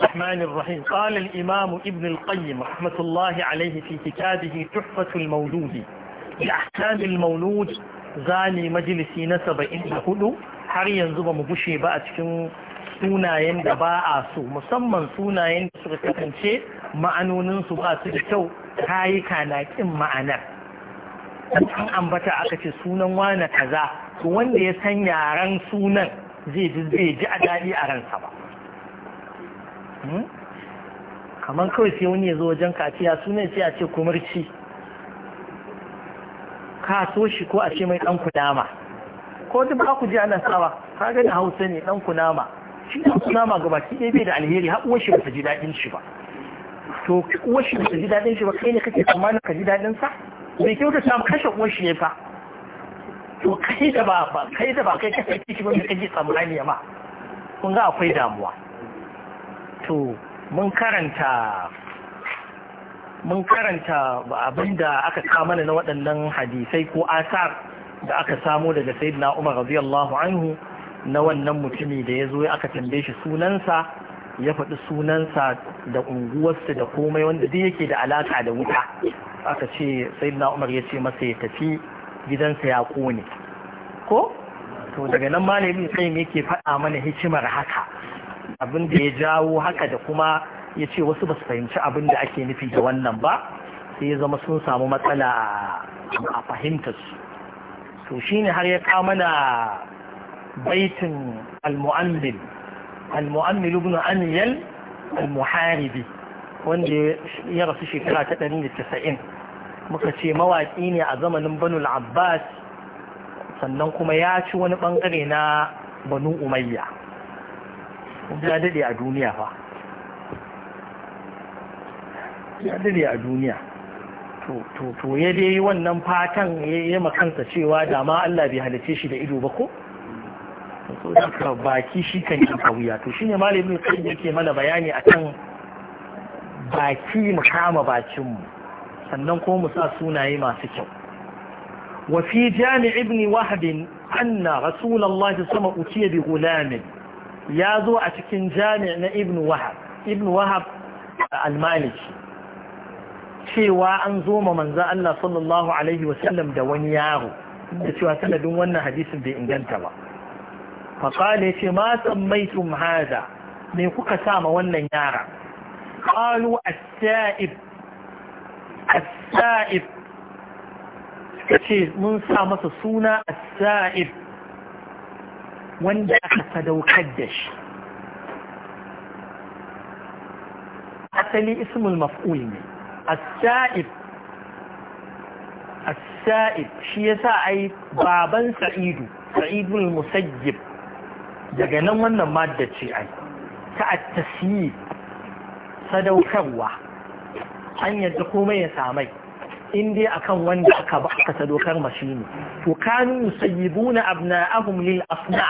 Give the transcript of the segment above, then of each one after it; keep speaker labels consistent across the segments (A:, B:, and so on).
A: الرحمن الرحيم قال الإمام ابن القيم رحمة الله عليه في كتابه تحفة المولود بأحكام المولود zane majalisi na saba'in da hudu har yanzu ba mu gushe ba a cikin sunayen da ba a so musamman sunayen da suka kasance ma'anoninsu ba su da kyau kayi kanakin ma'anar an ambata aka ce sunan wane kaza su wanda ya san yaren sunan zai ji zai ji a daɗi a ransa ba Hmm? kamar kawai sai wani ya zo wajen kaciya sunan sai a ce kumarci ka so shi ko a ce mai ɗan kunama ko duk ba ku ji ana sawa ka gani hausa ne ɗan kunama shi dan kunama ga baki ɗaya bai da alheri har uwar shi ba ta ji daɗin shi ba to uwar shi ba ta ji daɗin shi ba kai ne kake tsammanin ka ji daɗin sa bai kyauta ta kashe uwar shi ne fa to kai da ba kai da ba kai kashe shi ba mai kaji tsammani ma kun ga akwai damuwa wato mun karanta mun karanta aka kamana na waɗannan hadisai ko asar da aka samo daga sayyidina Umar radiyallahu anhu na wannan mutumi da ya zo aka tambaye shi sunansa ya faɗi sunansa da unguwarsa da komai wanda duk yake da alaka da wuta aka ce sayyidina Umar ya ce masa ya tafi gidansa ya kone ko to daga nan malamin sai yake faɗa mana hikimar haka abin da ya jawo haka da kuma ya ce wasu ba su fahimci abin da ake nufi da wannan ba sai ya zama sun samu matsala a fahimtarsu to shi ne har ya mana baitin al-mu'ammil al-mu'ammil ibn aniyal al-muharibi wanda ya rasu shekara ta da 190 muka ce mawaƙi ne a zamanin banul abbas sannan kuma ya ci wani bangare na banu umayya ya dade a duniya fa ya dade a duniya to ya dai wannan fatan ya makansa cewa da ma Allah bai halice shi da ido ba ko so da baki shi kan yi kawuya to shine malamin kai yake mana bayani akan baki mu kama bakinmu sannan ko mu sa sunaye masu kyau wa fi jami' ibn wahb anna rasulullahi sama utiya bi gulamin ya zo a cikin jami'a na ibn wahab ibn al-maliki cewa an zo ma manzo Allah sallallahu da wani yaro da cewa sanadin wannan hadisin bai inganta ba fa qala shi mai sammaitum hada me kuka sa ma wannan yara qalu as-sa'ib as-sa'ib mun sa masa suna as-sa'ib wanda aka sadaukar da shi asali ismul maf'ul ne as said as-sa'ib shi yasa ai baban sa'idu sa'idul musajjib daga nan wannan madda ce ai ta at sadaukarwa an yadda komai ya samai in dai akan wanda aka ba aka sadaukar mashi ne to kanu yusayyibuna abna'ahum lil asna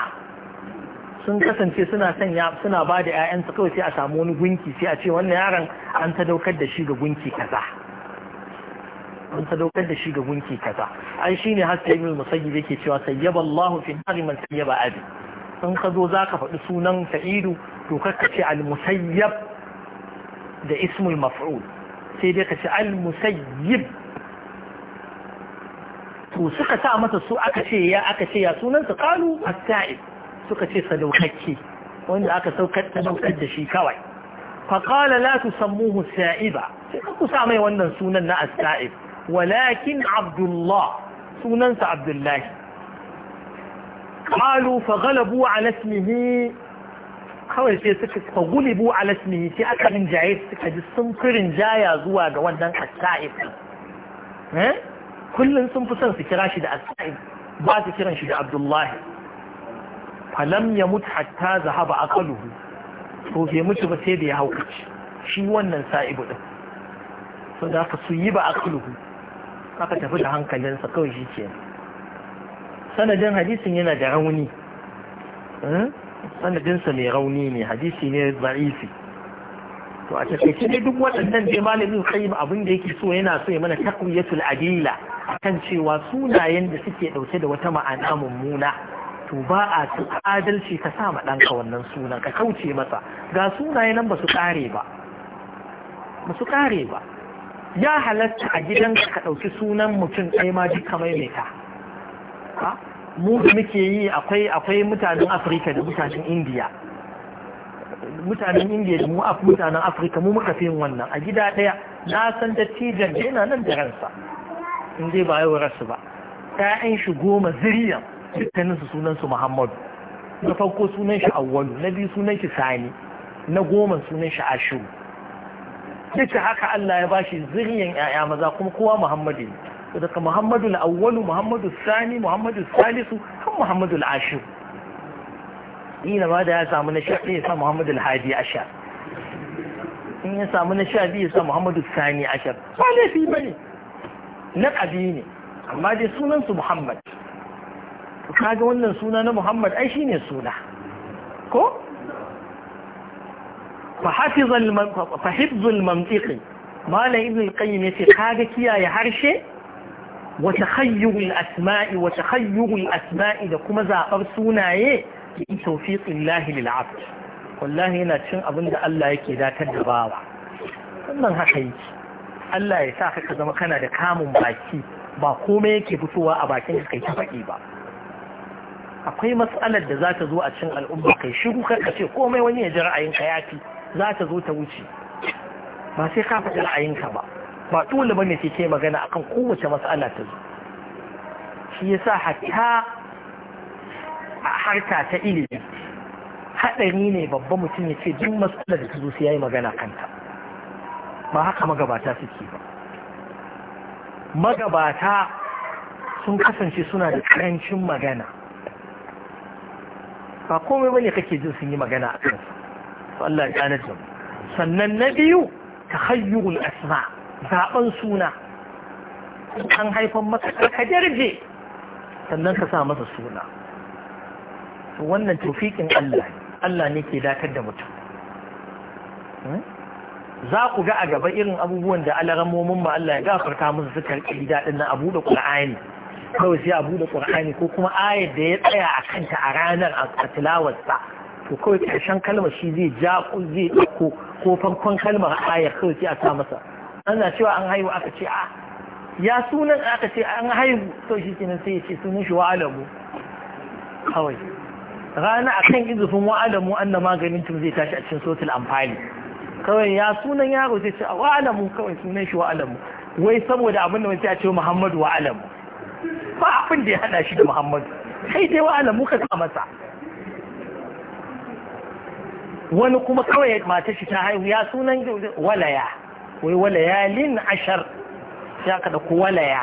A: sun kasance suna sanya suna ba da ƴaƴansu kawai sai a samu wani gunki sai a ce wannan yaron an sadaukar da shi ga gunki kaza an sadaukar da shi ga gunki kaza An shine haske ibn musayyib yake cewa sayyaballahu Allah fi nari man sayyaba abi in ka zo zaka faɗi sunan sa'idu to kakka ce al musayyab da ismul maf'ul sai dai ka ce al musayyib to suka sa masa su aka ce ya aka ce ya sunansa kalu as-sa'id suka ce sadaukakke wanda aka saukar ta daukar da shi kawai fa qala la tusammuhu sa'iba sai ku sa mai wannan sunan na as-sa'id walakin abdullah sunansa Abdullahi qalu fa ghalabu ala ismihi kawai sai suka fa gulibu ala ismihi sai aka rinjaye suka ji sun firin jaya zuwa ga wannan as-sa'id eh kullum sun fi son su kira shi da asa'ib ba su kiran shi da abdullahi falam ya mutu hatta zahaba aqaluhu to bai mutu ba sai da ya haukaci shi wannan sa'ibu din so da ka su yi ba aqaluhu aka tafi da hankalinsa kawai shi ke sanadin hadisin yana da rauni hmm? sanadinsa mai rauni ne hadisi ne za'ifi to a takaice dai duk waɗannan dai malamin qayyim abin da yake so yana so ya mana taqwiyatul adila akan cewa sunayen da suke ɗauke da wata ma'ana mummuna to ba a cin adalci ka sa ma ɗanka wannan sunan ka kauce masa ga sunaye nan ba su ƙare ba ba su ƙare ba ya halatta a gidan ka ɗauki sunan mutum ɗaya ma duka maimaita mu da muke yi akwai akwai mutanen afirka da mutanen indiya mutanen indiya da mu mutanen afirka mu muka fi yin wannan a gida ɗaya na san dattijan yana nan da ransa in dai ba yi su ba Ta ƴaƴan shi goma zuriya dukkanin su sunan su Muhammadu na farko sunan shi Awwalu na biyu sunan shi Sani na goma sunan shi Ashu yace haka Allah ya bashi zuriyan 'ya'ya maza kuma kowa Muhammadu ne daga Muhammadu al-Awwalu Muhammadu Sani Muhammadu Salisu kan Muhammadu al-Ashu ina ma da ya samu na sha ɗaya sa Muhammadu al-Hadi Ashar in ya samu na sha biyu sa Muhammadu Sani Ashar ba laifi ne. Na ne amma dai sunansu muhammad kaga wannan suna na muhammad ai shine suna ko fahibzul mamtiki malam ibn al-qayyim yace kaga kiyaye harshe wata takhayyurul asma'i wata takhayyurul asma'i da kuma zaɓar sunaye in tawfiqillahi lil 'abd wallahi yana cin abin da Allah yake datar da bawa wannan haka yake Allah ya sa ka zama kana da kamun baki ba komai yake fitowa a bakin ka kai ta ba akwai matsalar da za ta zo a cikin al'umma kai shiru kar ka ce komai wani ya ji ra'ayin ka yafi za ta zo ta wuce ba sai ka faɗi ra'ayinka ba ba dole bane sai kai magana akan kowace matsala ta zo shi yasa hatta a harka ta ilimi haɗari ne babba mutum ya ce duk matsalar da ta zo sai yayi magana kanta ba haka magabata suke ba magabata sun kasance suna da karancin magana ba komai bane kake jin sun yi magana a kansu Allah ya gane da sannan na biyu tahayyurul asma zaben suna an haifan maka ka darje sannan ka sa masa suna wannan tofikin Allah Allah ne ke datar da mutum hmm? za ku ga a gaba irin abubuwan da alaramomin ma Allah ya gafarta musu su yi daɗin na abu da ƙur'ani kawai sai abu da ƙur'ani ko kuma ayar da ya tsaya a kanta a ranar a tilawarsa to kawai ƙarshen kalmar shi zai ja ko zai ɗauko ko farkon kalmar ayar kawai sai a sa masa ana cewa an haihu aka ce a ah, ya sunan aka ce an haihu to shi kenan sai ya ce sunan shi wa'alamu kawai rana akan izufin wa'alamu an ganin maganin tun zai tashi a cikin sotul amfani kawai ya sunan yaro sai ce wa alamu kawai sunan shi wa alamu wai saboda abin da wani ya ce muhammadu wa alamu ba abin da ya hada shi da muhammadu sai dai wa alamu ka sa masa wani kuma kawai mata shi ta haihu ya sunan walaya wai walaya lin ashar Ya aka da walaya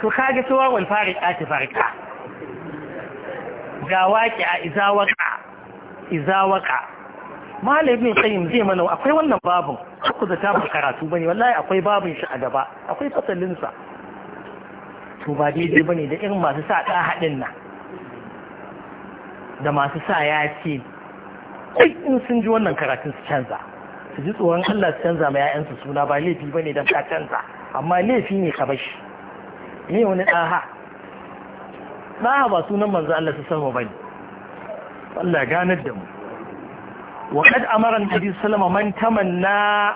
A: to kage suwa wal fariqa ta fariqa ga waƙi a izawaka izawaka malamin qayyim zai mana akwai wannan babun ku da tafi karatu bane wallahi akwai babun shi a gaba akwai fasalin sa to ba daidai bane da irin masu sa da hadin nan da masu sa ya ce kai in sun ji wannan karatun su canza su ji tsoron Allah su canza ma yayansu suna ba laifi bane dan ka canza amma laifi ne ka bashi ne wani ha da ba sunan manzo Allah sallallahu ba wasallam Allah ya ganar da mu wa kad amara annabi sallallahu man tamanna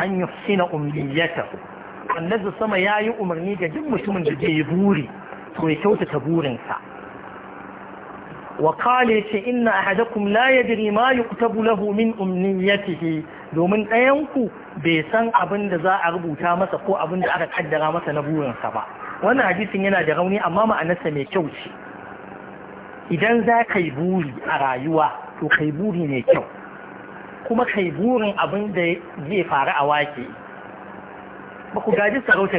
A: an yufsina ummiyatahu annabi sama yi umarni ga duk mutumin da zai buri to ya kyautata burinsa wa kale ce inna ahadakum la yadri ma yuktabu lahu min umniyatihi domin ɗayanku bai san abin da za a rubuta masa ko abin da aka kaddara masa na burinsa ba wannan hadisin yana da rauni amma ma'anarsa mai kyau ce idan za ka yi buri a rayuwa to kai buri mai kyau kuma kai burin abin da zai faru a wake ba ku gaji sarauta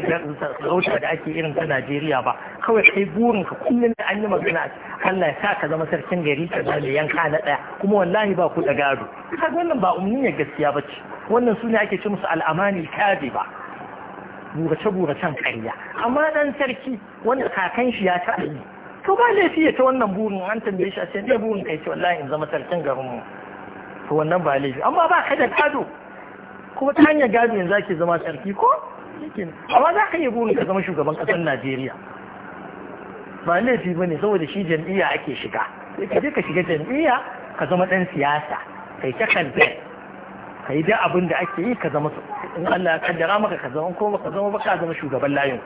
A: da ake irin ta Najeriya ba kawai kai burin ka kullum da an yi magana Allah ya sa ka zama sarkin gari ka zama yanka na ɗaya, kuma wallahi ba ku da gado kaga wannan ba umniyar gaskiya ba ce wannan su ne ake ce musu al'amani kare ba burace-buracen karya amma dan sarki wanda kakan shi ya ta'ayi to ba laifi ya ta wannan burin an tambaye shi a ce ne burin kai ce wallahi in zama sarkin garin mu to wannan ba laifi amma ba ka da gado kuma ta hanyar gado yanzu ake zama sarki ko amma za ka yi burin ka zama shugaban ƙasar Najeriya ba laifi ba ne saboda shi jam'iyya ake shiga sai ka je ka shiga jam'iyya ka zama ɗan siyasa kai ta kamfen ka yi da abin da ake yi ka zama in Allah ya kaddara maka ka zama ko ka zama baka ka zama shugaban layin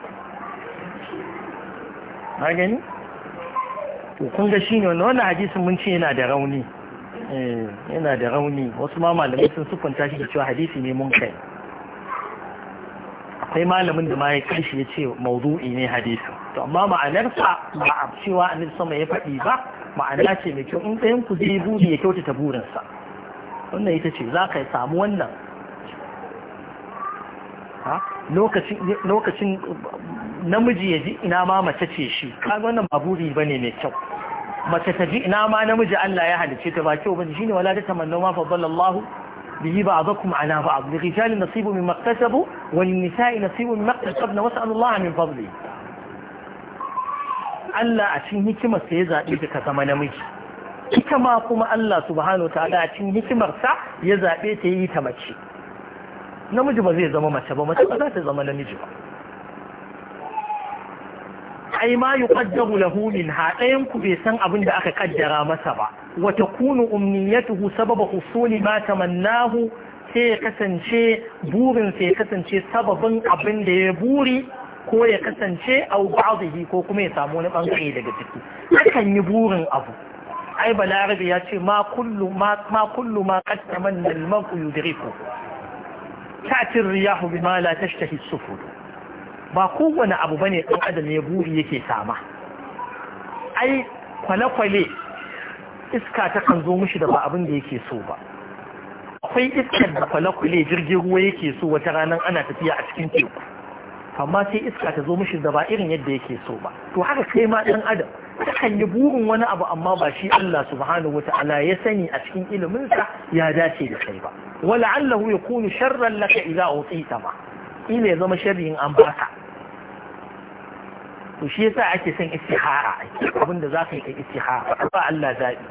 A: ha gani to kun ga shine wannan wannan hadisin mun ce yana da rauni eh yana da rauni wasu ma malamai sun sukunta shi da cewa hadisi ne mun kai akwai malamin da ma ya kai shi ya ce mawdu'i ne hadisi to amma ma'anarsa ba a cewa annabi sama ya faɗi ba ma'ana ce mai kyau in ɗayan ku zai buɗe ya kyautata burinsa wannan ita ce za ka samu wannan lokacin namiji ya ji ina ma mace ce shi kaga wannan ba ne bane mai kyau mace ta ji ina ma namiji Allah ya halice ta ba kyau shi ne wala ta tamanna ma faddala Allah bihi ba'dakum ala ba'd li rijali nasibu mimma iktasabu wa lin nisa'i nasibu mimma iktasabna was'alu Allah min fadli Allah a cikin hikimarsa ya zabi ka zama namiji ita ma kuma Allah subhanahu wa ta'ala a hikimarsa ya zaɓe ta yi ta mace namiji ba zai zama mace ba mace ba za ta zama namiji ba ai ma yuqaddaru lahu min ha ɗayan ku bai san abin da aka kaddara masa ba wa takunu umniyatuhu sababa husuli ma tamannahu sai ya kasance burin sai ya kasance sababin abin da ya buri ko ya kasance au ba'dihi ko kuma ya samu wani bangare daga ciki akan yi burin abu ai balarabe ya ce ma kullu ma kasta ma qaddaman al mar'u yudriku riyahu ma la tashtahi sufu. ba kowane abu ba ne dan adam ya buri yake sama ai kwale-kwale iska ta kan zo mushi da ba abin da yake so ba akwai iskar da kwale-kwale jirgin ruwa yake so wata ranar ana tafiya a cikin teku amma sai iska ta zo mushi da ba irin yadda yake so ba to haka kai ma ɗan adam kan yi burin wani abu amma ba shi Allah subhanahu wa ta'ala ya sani a cikin iliminsa ya dace da kai ba wala allahu yakunu sharran laka idza utita ma ila ya zama sharrin an baka to shi yasa ake son istihara abinda za ka yi ka istihara ba Allah zabi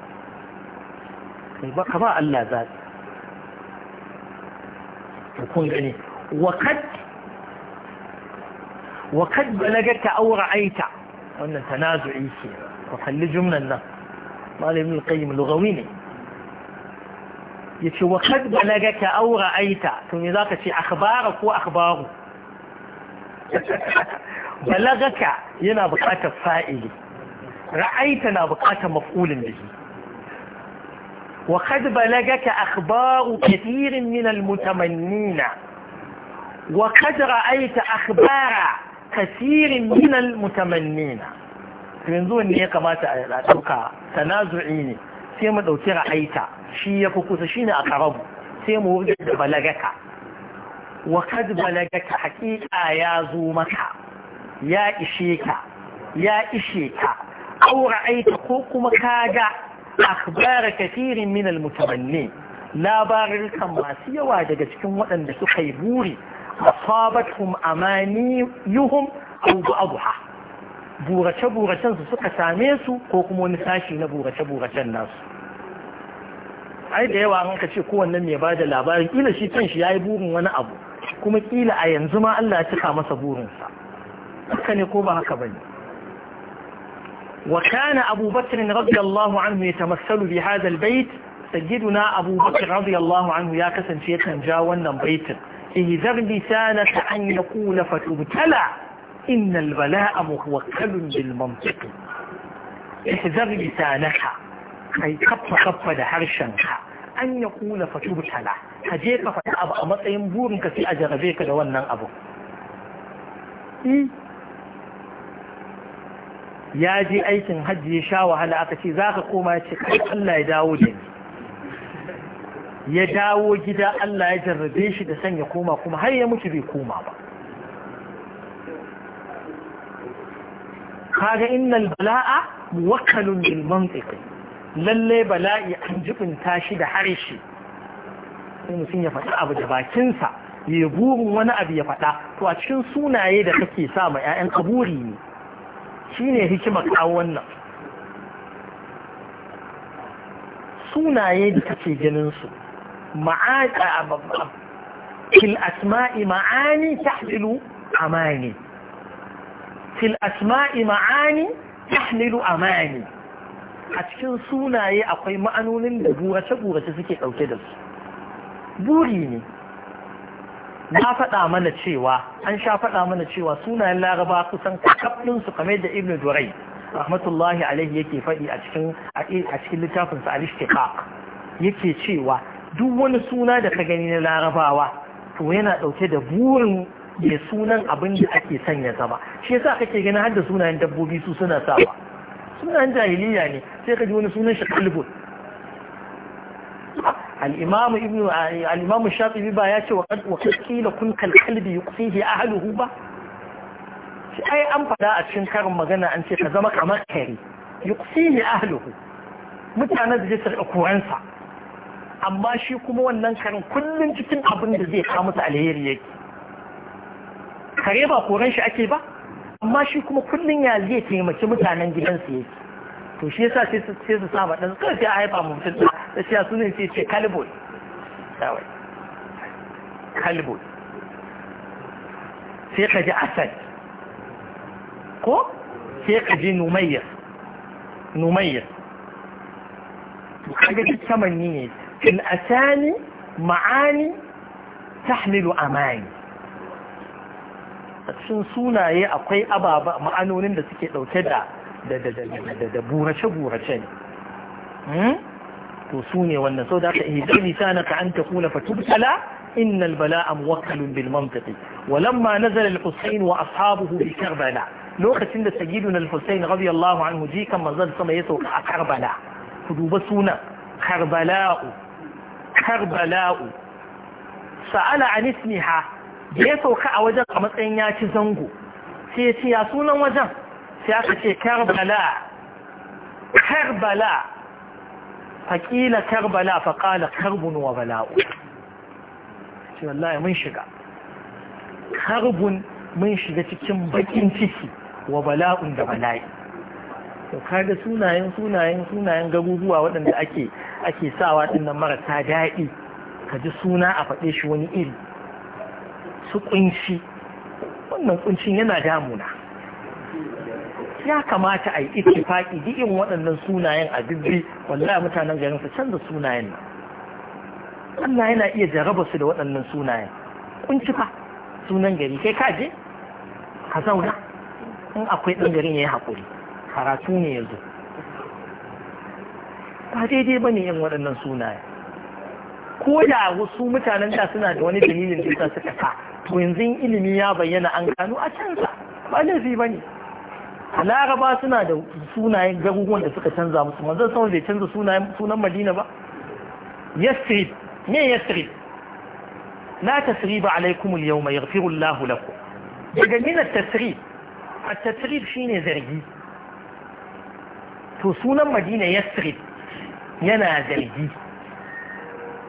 A: kai ba ka ba Allah zabi to kun gani wa kad wa kad balagata aw ra'aita وأن تنازع يسير وحل جملة لا ما لابن القيم لغويني يتي وقد بلغك أو رأيت ثم ذاك شي أخبارك وأخباره بلغك ينا بقاة فائل رأيتنا بقاة مفعول به وقد بلغك أخبار كثير من المتمنين وقد رأيت أخبار kasirin minal mutamannina to yanzu wanne ya kamata a ɗauka tanazu'i ne sai mu ɗauki ra'aita shi ya fi kusa shine a karabu sai mu wurga da balagaka wa kad balagaka haƙiƙa ya zo maka ya ishe ka ya ishe ka aw ra'aita ko kuma kaga akhbara kasirin minal mutamannin labarin kan masu yawa daga cikin waɗanda suka yi buri asabatuhum amaniyuhum aw ba'dha burace buracen su suka same su ko kuma wani sashi na burace buracen nasu ai da yawa an ka ce kowanne mai bada labarin Ila shi ya yayi burin wani abu kuma kila a yanzu ma Allah ya cika masa burinsa haka ne ko ba haka bane وكان أبو بكر ya الله عنه يتمثل بهذا البيت سيدنا Abubakar بكر رضي الله ya يا kan شيخا wannan baitin. ihzar lisanaka an yaqula fatubtala innal balaa muwakkalun bil mantiq ihzar lisanaka kai kaffa kaffa da harshenka an yaqula fatubtala kaje ka fata a matsayin burinka sai a jarabe ka da wannan abu ya je aikin hajji ya sha wahala aka ce za ka koma ya kai Allah ya dawo da ni ya dawo gida Allah ya jarrabe shi da sanya koma kuma har ya mutu bai koma ba kaga innal bala'a muwakkalun bil mantiqi lalle bala'i an jibinta tashi da harshe sai mutum ya faɗi abu da bakinsa ya burin wani abu ya faɗa to a cikin sunaye da kake sa ma 'ya'yan kaburi ne shine hikimar kawo wannan sunaye da kake ganin su في الأسماء معاني تحمل أماني في الأسماء معاني a cikin sunaye akwai ma'anonin da burace-burace suke ɗauke da su buri ne na faɗa mana cewa an sha faɗa mana cewa sunayen laraba kusan kakafɗinsu kamar da ibn durai rahmatullahi alaihi yake faɗi a cikin littafinsa al-ishtiqaq yake cewa duk wani suna da ka gani na larabawa to yana ɗauke da burin mai sunan abin da ake sanya zama shi ya sa kake ganin har da sunayen dabbobi su suna sawa sunan jahiliya ne sai ka ji wani sunan shi kalbun al-imam ibnu ba ya ce wa qad kila kun ya kalbi ya ahluhu ba shi ai an fada a cikin karin magana an ce ka zama kamar kare yuqfihi ahluhu mutanen da suke da kuransa amma shi kuma wannan karin kullum cikin abin da zai kawo musu alheri yake kare ba koran shi ake ba amma shi kuma kullum ya zai taimaki mutanen gidansu yake to shi yasa sai su saba dan kawai sai a haifa mu mutum da shi su ne sai ce kalibol kawai kalbol sai ka ji asad ko sai ka ji numayyar numayyar to kaga duk samanni ne في الأساني معاني تحمل أماني cikin sunaye akwai ababa ma'anonin da suke ɗauke da da burace-burace ne to su ne wannan sau da aka ihidar lisana ka an takuna fatubtala إن البلاء موكل بالمنطق ولما نزل الحسين وأصحابه بكربلاء لوكتين da sayyiduna al-Husayn radiyallahu anhu ji kan manzon sama ya sauka a Karbala ku duba sunan Karbala'u karbala sa'ala an ismiha da ya sauka a wajen a matsayin ya ci zango sai ya ce ya sunan wajen sai aka ce karbala karbala faƙila karbala faƙala karbun wa bala'u ce wallahi mun shiga karbun mun shiga cikin bakin ciki wa bala'un da bala'i to da sunayen sunayen sunayen garuruwa waɗanda ake ake sawa ɗin marasa daɗi ka ji suna a faɗe shi wani iri su ƙunshi wannan ƙunshin yana damuna ya kamata a yi ittifaki diin waɗannan sunayen a dubbi wallahi mutanen garin su canza sunayen nan Allah yana iya jaraba su da waɗannan sunayen kunci fa sunan gari kai ka ka zauna in akwai ɗan garin ya yi haƙuri karatu ne ya zo ba daidai ba ne yin waɗannan sunaye ko da wasu mutanen da suna da wani dalilin da suka sa to yanzu ilimi ya bayyana an gano a canza ba laifi ba ne laraba suna da sunayen garuruwan da suka canza musu manzon sama bai canza sunayen sunan madina ba yasrib ne yasrib la tasriba alaikum al-yawma yaghfiru Allahu lakum daga min at-tasrib at-tasrib shine zargi to sunan madina yasrib yana zargi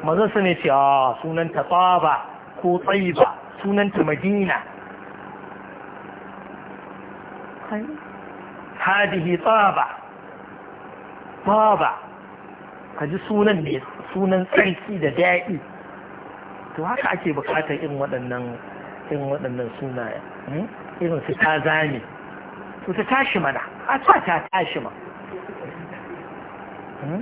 A: mazan su ne ce a ah, sunanta tsaba ko tsayiba sunanta madina hadihi tsaba tsaba ka ji sunan ne sunan tsarki da daɗi to haka ake bukatar irin waɗannan irin waɗannan sunayen hmm? irin su ta zane to ta tashi mana a ta tashi ma hmm?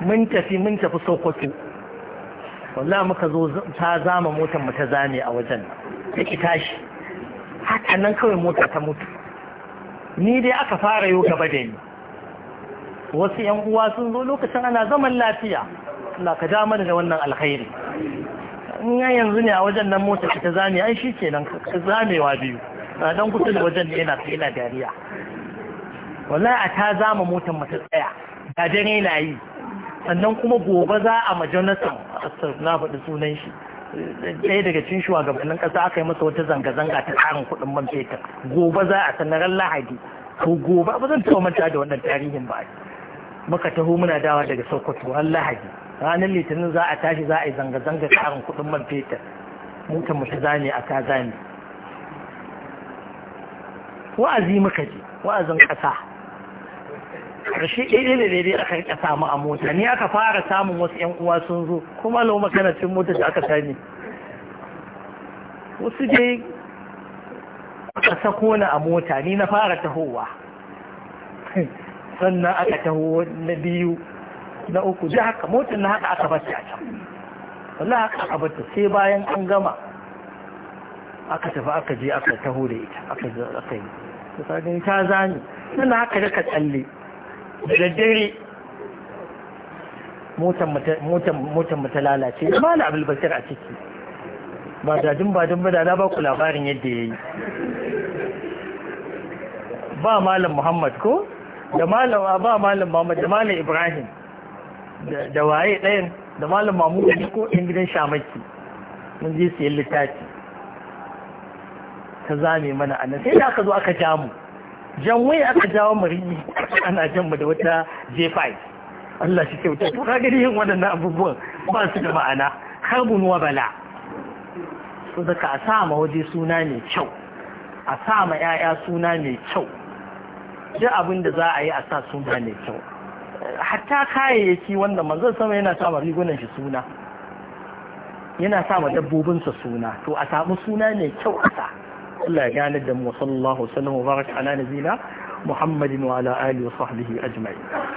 A: mun tafi mun tafi sokoto wallahi muka zo ta zama motar mu ta zame a wajen ta ki tashi haka nan kawai mota ta mutu ni dai aka fara yau gaba da ni wasu yan uwa sun zo lokacin ana zaman lafiya Allah ka ja mana da wannan alkhairi in ya yanzu ne a wajen nan mota ta zame ai shi ka zamewa biyu na dan kusa da wajen ne yana yana dariya wallahi a ta zama motar mu ta tsaya ga dare na yi sannan kuma gobe za a ma asar na faɗi sunan shi ɗaya daga cin shugabannin ƙasa aka yi masa wata zanga-zanga ta ƙarin kuɗin man fetur gobe za a sanarar lahadi ko gobe ba zan taɓa manta da wannan tarihin ba muka taho muna dawa daga sokoto har lahadi ranar litinin za a tashi za a yi zanga-zanga ƙarin kuɗin man fetur mutan mu ta zane a ta zane wa'azi muka je wa'azin ƙasa karshe ɗaya da daidai aka rika samu a mota ni aka fara samun wasu yan uwa sun zo kuma lau makanacin mota da aka sani wasu dai aka sako ni a mota ni na fara tahowa sannan aka taho na biyu na uku da haka motar na haka aka bata a can wala haka aka bata sai bayan an gama aka tafi aka je aka taho da ita aka yi ta zani sannan haka da ka tsalle da daddare motar mu ta lalace da mala abulbasir a ciki ba dadin ba don bada na ba ku labarin yadda ya yi ba malam muhammad ko da malam ba malam muhammad da malam ibrahim da waye ɗayan da malam mamudu ko ɗin gidan shamaki mun je siyan littafi ta zame mana a sai da aka zo aka jamu. janwai aka jawo marini ana jan mu da wata j5 Allah shi kyauta to gani yin waɗannan abubuwan ba su da ma'ana harbun wa bala so daga a sa ma waje suna mai kyau a sa ma 'ya'ya suna mai kyau duk abin da za a yi a sa suna mai kyau hatta kayayyaki wanda manzon sama yana sa ma rigunan shi suna yana sa ma dabbobinsa suna to a samu suna mai kyau a sa لا كان الدم وصلى الله وسلم وبارك على نبينا محمد وعلى آله وصحبه أجمعين